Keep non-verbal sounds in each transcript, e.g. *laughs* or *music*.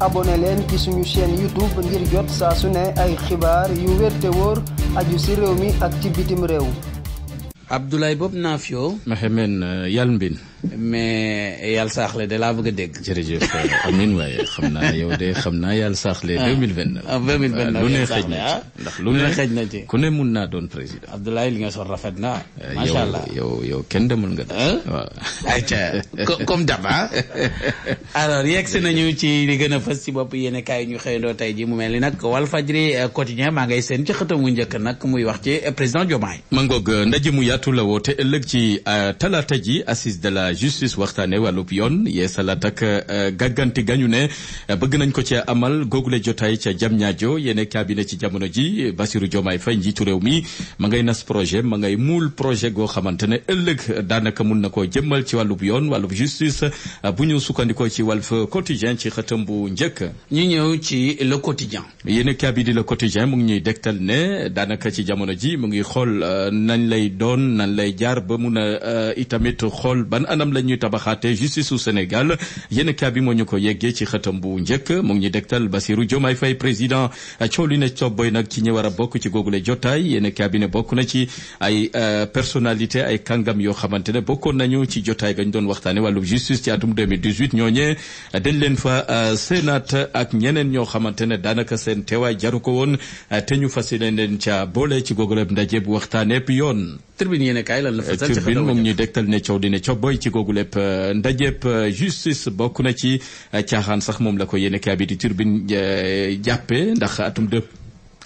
abone leen ci suñu chaîne YouTube ngir jot saa su ne ay xibaar yu wér te wóor aju ci réew mi ak ci bitim réew. Abdoulaye Bob Nafio. Mouhamed Yalmbin. mais yàlla saaxle de laa bëgg a dégg. jërëjëf euh, amiin waaye xam naa yow xam naa yàlla saaxle. 2029 2029 lu ne ah. ndax lu ne xëj na ci. ku ne mun naa doon président. Abdoulaye li nga sol rafet na. Euh, macha allah yow yow kenn demul nga. waaw ayca *laughs* comme daba *laughs* alors yegg si ci li gën a fës ci bopp yéen kaay ñu xëyandoo tey ji mu mel ni nag Walfadjri euh, quotidien maa ngay seen ci mu njëkk nag muy wax ci président Diomaye. ma ngoog ndaje mu yaatu la woote ëllëg ci talaata ji assise de la justice waxtaane wàllub yoon yeesalaat ak euh, gàgganti gañu ne bëgg nañ ko ci amal googule jotaay ca jam ñaajo yéene cabinet ci jamono ji Bassirou Diomaye Faye njiitu réew mi ma ngay nas projet ma ngay muul projet goo xamante ne ëllëg daanaka mun na koo jëmmal ci wàllub yoon wàllub justice bu ñu sukkandikoo ci Walf Quotidien ci xëtam bu njëkk ñu ñëw ci Le Quotidien yéene cabinet di Le Quotidien mu ngi ñuy dektal ne daanaka ci jamono ji mu ngi xool euh, nañ lay do nañ lay a euh, anam la ñuy tabaxaate justice su Sénégal yéen kaa bi moo ñu ko yeggee ci xëtam bu njëkk mu ngi ñu dégtal Bassirou Diomaye Faye président coow li ne cobboy nag ci ñi war a bokk ci googule jotaay yéen kaa bi bokk na ci ay euh, personnalité ay kàngam yoo xamante ne bokkoon nañu ci jotaay gañ doon waxtaane wàllu justice ci atum 2018 ñooñee euh, dañ leen fa euh, sénat ak ñeneen ñoo xamante ne daanaka seen teewaay jaru ko woon te ñu fas yéene leen ca boole ci googule ndaje bu waxtaanee yoon. turbine yéen a kaay lan la fasal ci googu lépp euh, ndajépp euh, justice bokk na ci euh, caaxaan sax moom la ko yéene kaabidi turbine jàppe ndax atum dëpp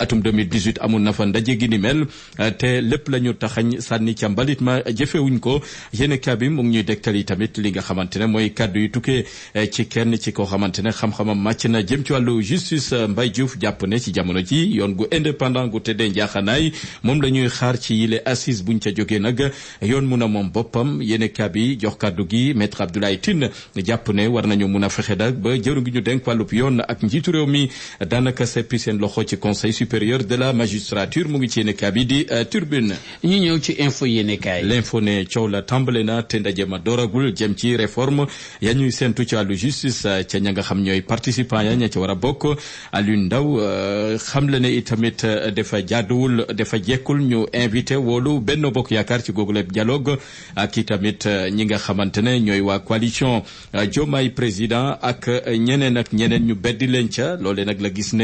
atum 2018 amoon na fa ndaje gi ni mel euh, te lépp la ñu taxañ sànni ca mbalit ma jëfewuñ ko yéen kaa bi mu ngi ñuy dégtal yi tamit li nga xamante ne mooy kaddu yu tukkee euh, ci kenn ci koo xamante ne xam-xamam màcc na jëm ci wàllu justice euh, Mbaye Diouf jàpp ne ci jamono ji yoon gu indépendant gu tëddee njaaxanaay moom la ñuy xaar ci yile assise buñ ca jógee nag yoon mun a moom boppam yéen kaa bi jox kàddu gi maître Abdoulaye Tine jàpp ne war nañu mun a fexe nag ba jëru ngi ñu dénk wàllub ak njiitu réew mi daanaka seppi seen loxo ci conseil supérieur de la magistrature mu ngi ci yéene kaay bi di euh, turbine ñu ñëw ci info yéene kaay l'info ne coow la tàmbale na te ndaje ma doragul jëm ci réforme ya ñuy séntu ci wàllu justice euh, ca ña nga xam ñooy participants ya ña ca war a bokk Aliou Ndao euh, xam le ne itamit dafa jaadowul dafa jekkul ñu invité woolu Benno Bokk Yaakaar ci googu lépp dialogue ak itamit ñi nga xamante ne ñooy waa coalition Diomaye président ak ñeneen ak ñeneen ñu beddi leen ca loole nag la gis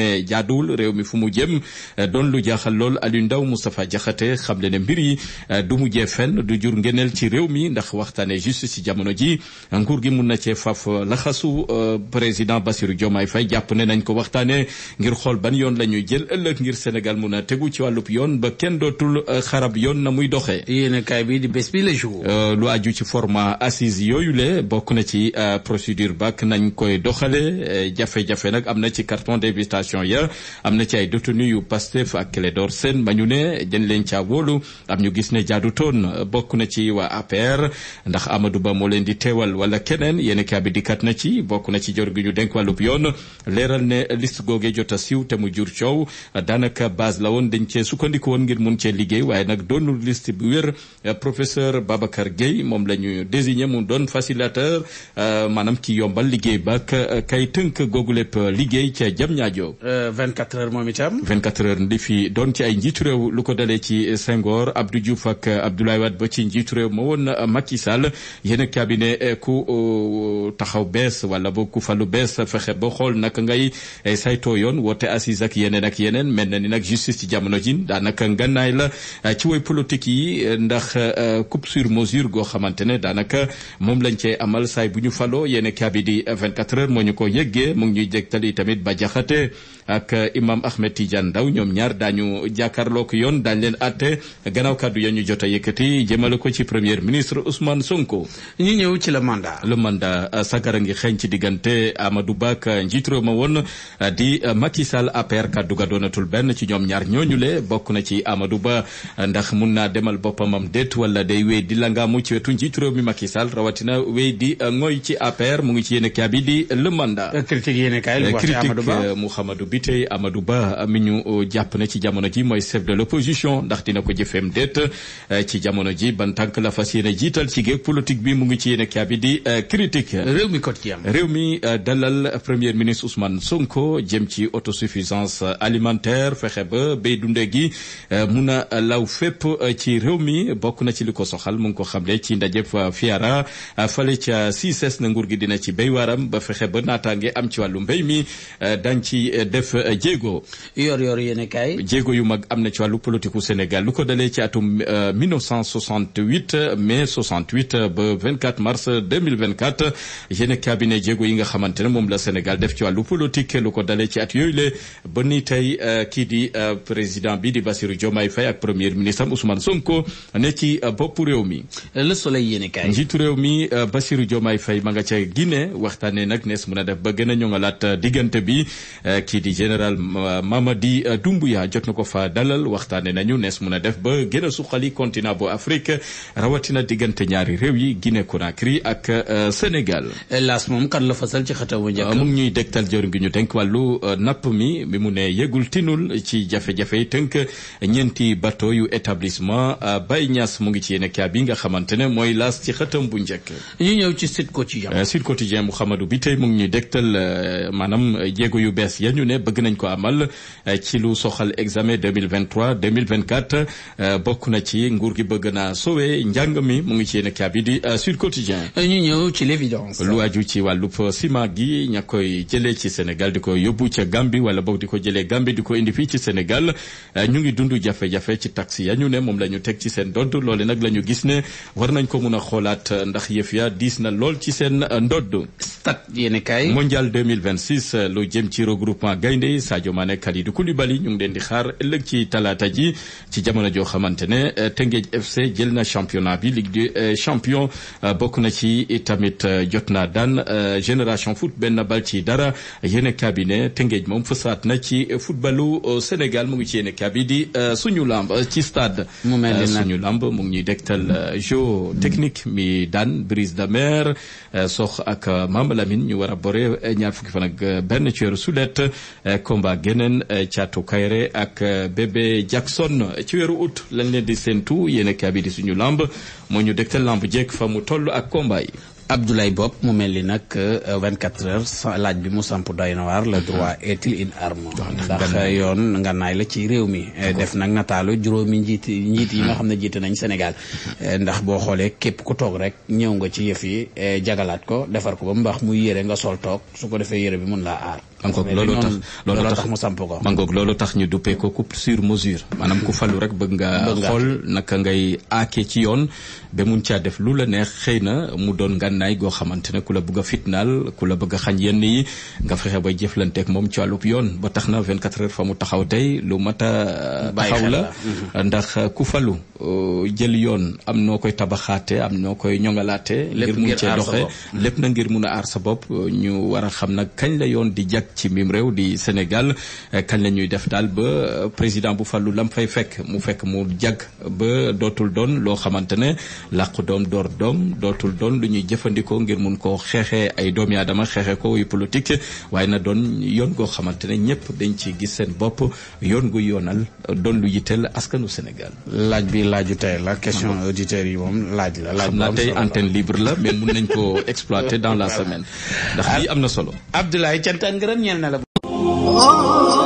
mbir eh, doon lu jaaxal lool Aliou Ndaw Moustapha jaxate xam le ne mbir yi eh, du mujjee fenn du jur ngeneel ci réew mi ndax waxtaane justice ci jamono ji nguur gi mun na cee faf eh, laxasu président Bassirou Diomaye fay jàpp ne nañ ko waxtaane ngir xool ban yoon la ñuy jël ëllëg ngir Sénégal mun a tegu ci wàllub yoon ba kenn dootul xarab yoon na muy doxee. yéenekaay bi di bés bi la jour. lu aju ci format assise yooyu le bokk na ci procédure bac nañ koy doxale jafe-jafe nag am na ci carton d'invitation ya am na tenue yu Pastef ak Clédor Sène ba ñu ne jën leen caa wóolu am ñu gis ne jaadutoon bokk na ci waa APR ndax amadu Ba moo leen di teewal wala keneen yéen kaa bi kat na ci bokk na ci jor gi ñu denk wàllub yoon leeral ne liste googee jot a siiw te mu jur coow daanaka base la woon dañ cee sukkandiku woon ngir mun cee liggéey waaye nag doonul list bu wér professeur Babacar Gueye moom la ñu désigné mu doon facilitateur euh, maanaam ki yombal liggéey ba kay tënk googu lépp liggéey ca jam ñaajo 24 heures moom itam 24 heures di fi doon ci ay njiitu réew lu ko dalee ci Senghor Abdou Diouf ak Abdoulaye Wade ba ci njiitu réew ma woon Macky Sall yéen a cabinet eh, ku euh, taxaw bees wala boog ku falu bees fexe ba xool naka ngay eh, sayto yoon woote assise ak yeneen ak yeneen mel na ni nag justice ci jamono ji daanaka ngannaay la eh, ci woy politique yi ndax coupe sur mesure goo xamante ne daanaka moom lañ cee amal saay bu ñu faloo yéen a cabinet 24 heures moo ñu ko yëggee mu ngi ñuy jégtali tamit ba jaxate ak Tidiane Ndaw ñoom ñaar daañu jàkkaarlook yoon daañ leen àtte gannaaw kàddu ya ñu jot a yëkkati jëmale ko ci premier ministre Ousmane Sonko. ñi ñëw ci le mandat. le mandat euh, sagara ngi xeeñ ci diggante amadu Ba ak euh, njiit réew ma woon euh, di Macky Sall APR kàddu ga doonatul benn ci ñoom ñaar ñooñu le bokk na ci amadu Ba ndax mun naa demal boppam am déet wala day wéy di langaamu ci wetu njiit réew mi Macky Sall rawatina wéy di ngooy ci APR mu ngi ci yéen a kii di le mandat. critique yéen ñu euh, jàpp ne ci jamono ji mooy chef de l'opposition ndax dina ko jëfeem déet euh, ci jamono ji ban tànk la fas jiital ci géeg politique bi mu ngi ci yéene kaabi di euh, critique réew mi quotidien réew mi dalal premier ministre Ousmane Sonko jëm ci autosuffisance alimentaire fexe ba béy dundee gi mun a law fépp ci réew mi bokk na ci li ko soxal mu ngi ko xamle ci ndaje Fiara fale ca CICES na nguur gi dina ci béy waaram ba fexe ba naataange am ci wàllu mbéy mi dañ ci def jéego yor-yor yéen kaay. jéego yu mag am na ci wàllu politiku Sénégal lu ko dalee ci atum 1968 euh, mai ba mars 2024 yéen yi nga xamante ne moom la Sénégal def ci wàllu politique lu ko dalee ci at yooyu le ba ni tey euh, kii di euh, bi di Bassirou Diomaye Faye ak premier ministre am Ousmane Sonko ne ci bopp réew mi. Le Soleil yéen kaay. njiitu réew mi Bassirou Diomaye Faye ma nga ca Guinée waxtaanee nag nees mën a def ba gën a ñoŋalaat diggante bi kii di général Mamadi. di euh, Dumbuya jot na ko fa dalal waxtaane nañu nees mun a def ba gën a suqali continent bu Afrique rawatina diggante ñaari réew yi Guinée Conakry ak euh, Sénégal. laas moom kan la fasal ci xatamu njëkk. Euh, mu ngi ñuy dégtal gi ñu dénk wàllu napp mi bi mu ne yëgul tinul ci jafe-jafe tënk ñeenti bateau yu établissement Baye Niass mu ngi ci yéen kaa bi nga xamante ne mooy laas ci xatam bu njëkk. ñu ñëw ci Sud Quotidien. Sud Quotidien Mouhamadou bi tey mu ngi ñuy dégtal maanaam jéego yu bees ya ne bëgg nañ ko amal. ci lu soxal examen 2023 2024 euh, bokk na ci nguur gi bëgg naa sowe njàng mi mu ngi ci yéen a di euh, Sud Quotidien. ñu ñëw ci l'évidence. lu aju ci wàllub ciment gi ña koy jëlee ci Sénégal di ko yóbbu ca Gambie wala bokk di ko jëlee Gambie di ko indi fii ci Sénégal euh, ñu ngi dundu jafe-jafe ci taxi ya ñu ne moom la ñu teg ci seen ndodd loole nag la ñu gis ne war nañ ko mun a xoolaat ndax yëf ya diis na lool ci seen ndodd. stade yéen kaay mondial 2026 euh, lu jëm ci regroupement gaynde Sadio Mané Kalidou Koulibaly ñu ngi leen di xaar ëllëg ci talaata ji ci jamono joo xamante ne euh, Teungueth FC jël na championnat bi ligue des euh, champions bokk na ci tamit jot naa daan génération foot benn bal ci dara yéen cabinet Teungueth moom fësaat na ci footballu Sénégal mu ngi ci yéen kabi di suñu lamb ci stade suñu mu ngi ñuy dektal jeu technique mi daan brise de mer sox ak membre lamin ñu war a bore eh, ñaar fukki fan ak eh, benn ci weeru sulet eh, combat geneen Thiatou Kairé ak bébé Jackson ci weeru août lañ leen di séentu yéen a kaabi di suñu lamb moo ñu dégtal lamb jekk fa mu toll ak combat Abdoulaye Bopp mu mel ni nag 24 euh, heures laaj bi mu samp doy na waar le droit mhm. est-il une arme ndax euh, yoon nga naay la ci réew mi def nag nataalu juróomi njiit njiit yi nga xam ne jiite nañ senegal mhm. euh, ndax boo xoolee képp ku toog rek ñëw nga ci yëf yi jagalaat ko defar ko ba mu baax muy yére nga sol toog su ko defee yëre bi mun laa aar mangoog loolu tax loolu tax mu samp ñu duppee ko coupe sur mesure maanaam ku falu rek bëgg nga xool naka ngay aake ci yoon ba mu caa def lu la neex xëy na mu doon ngànnaay goo xamante ne ku la bëgg a fitnaal ku la bëgg xañ yenn yi nga fexe bay jëflanteek moom ci wàllub yoon ba tax na 24 heures fa mu taxaw tey lu mat a taxaw la mhm. ndax ku falu euh, jël yoon am noo koy tabaxaate am noo koy ñoŋalaate ngir mun cee doxe na ngir mun a aar sa bopp ñu war a xam nag kañ la yoon di jag rek ci mim réew di Sénégal eh, kañ la ñuy def daal ba eh, président bu fallu lam fay fekk mu fekk mu jàgg ba dootul doon loo xamante ne làq doom door doom dootul doon lu ñuy jëfandikoo ngir mun koo xeexee ay doom yaadama xeexee ko yu politique waaye na doon yoon goo xamante ne ñëpp dañ ci gis seen bopp yoon gu yoonal doon lu yitteel askanu Sénégal. laaj bi laaju tey la question auditeurs yi moom laaj la. laaj xam naa libre la mais mun nañ ko *laughs* exploiter dans la semaine. ndax lii am na solo. ñeel na la oh, oh, oh.